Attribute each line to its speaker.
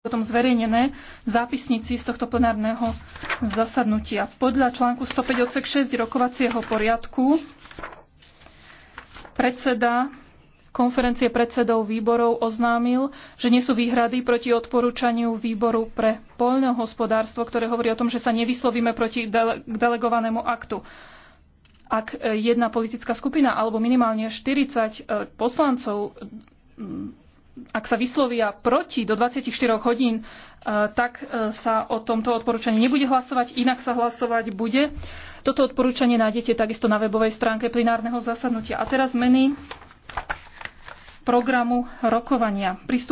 Speaker 1: potom zverejnené zápisnici z tohto plenárneho zasadnutia. Podľa článku 105 odsek 6 rokovacieho poriadku predseda konferencie predsedov výborov oznámil, že nie sú výhrady proti odporúčaniu výboru pre hospodárstvo, ktoré hovorí o tom, že sa nevyslovíme proti dele- delegovanému aktu. Ak e, jedna politická skupina alebo minimálne 40 e, poslancov ak sa vyslovia proti do 24 hodín, e, tak e, sa o tomto odporúčaní nebude hlasovať, inak sa hlasovať bude. Toto odporúčanie nájdete takisto na webovej stránke plenárneho zasadnutia. A teraz zmeny programu rokovania.
Speaker 2: Pristup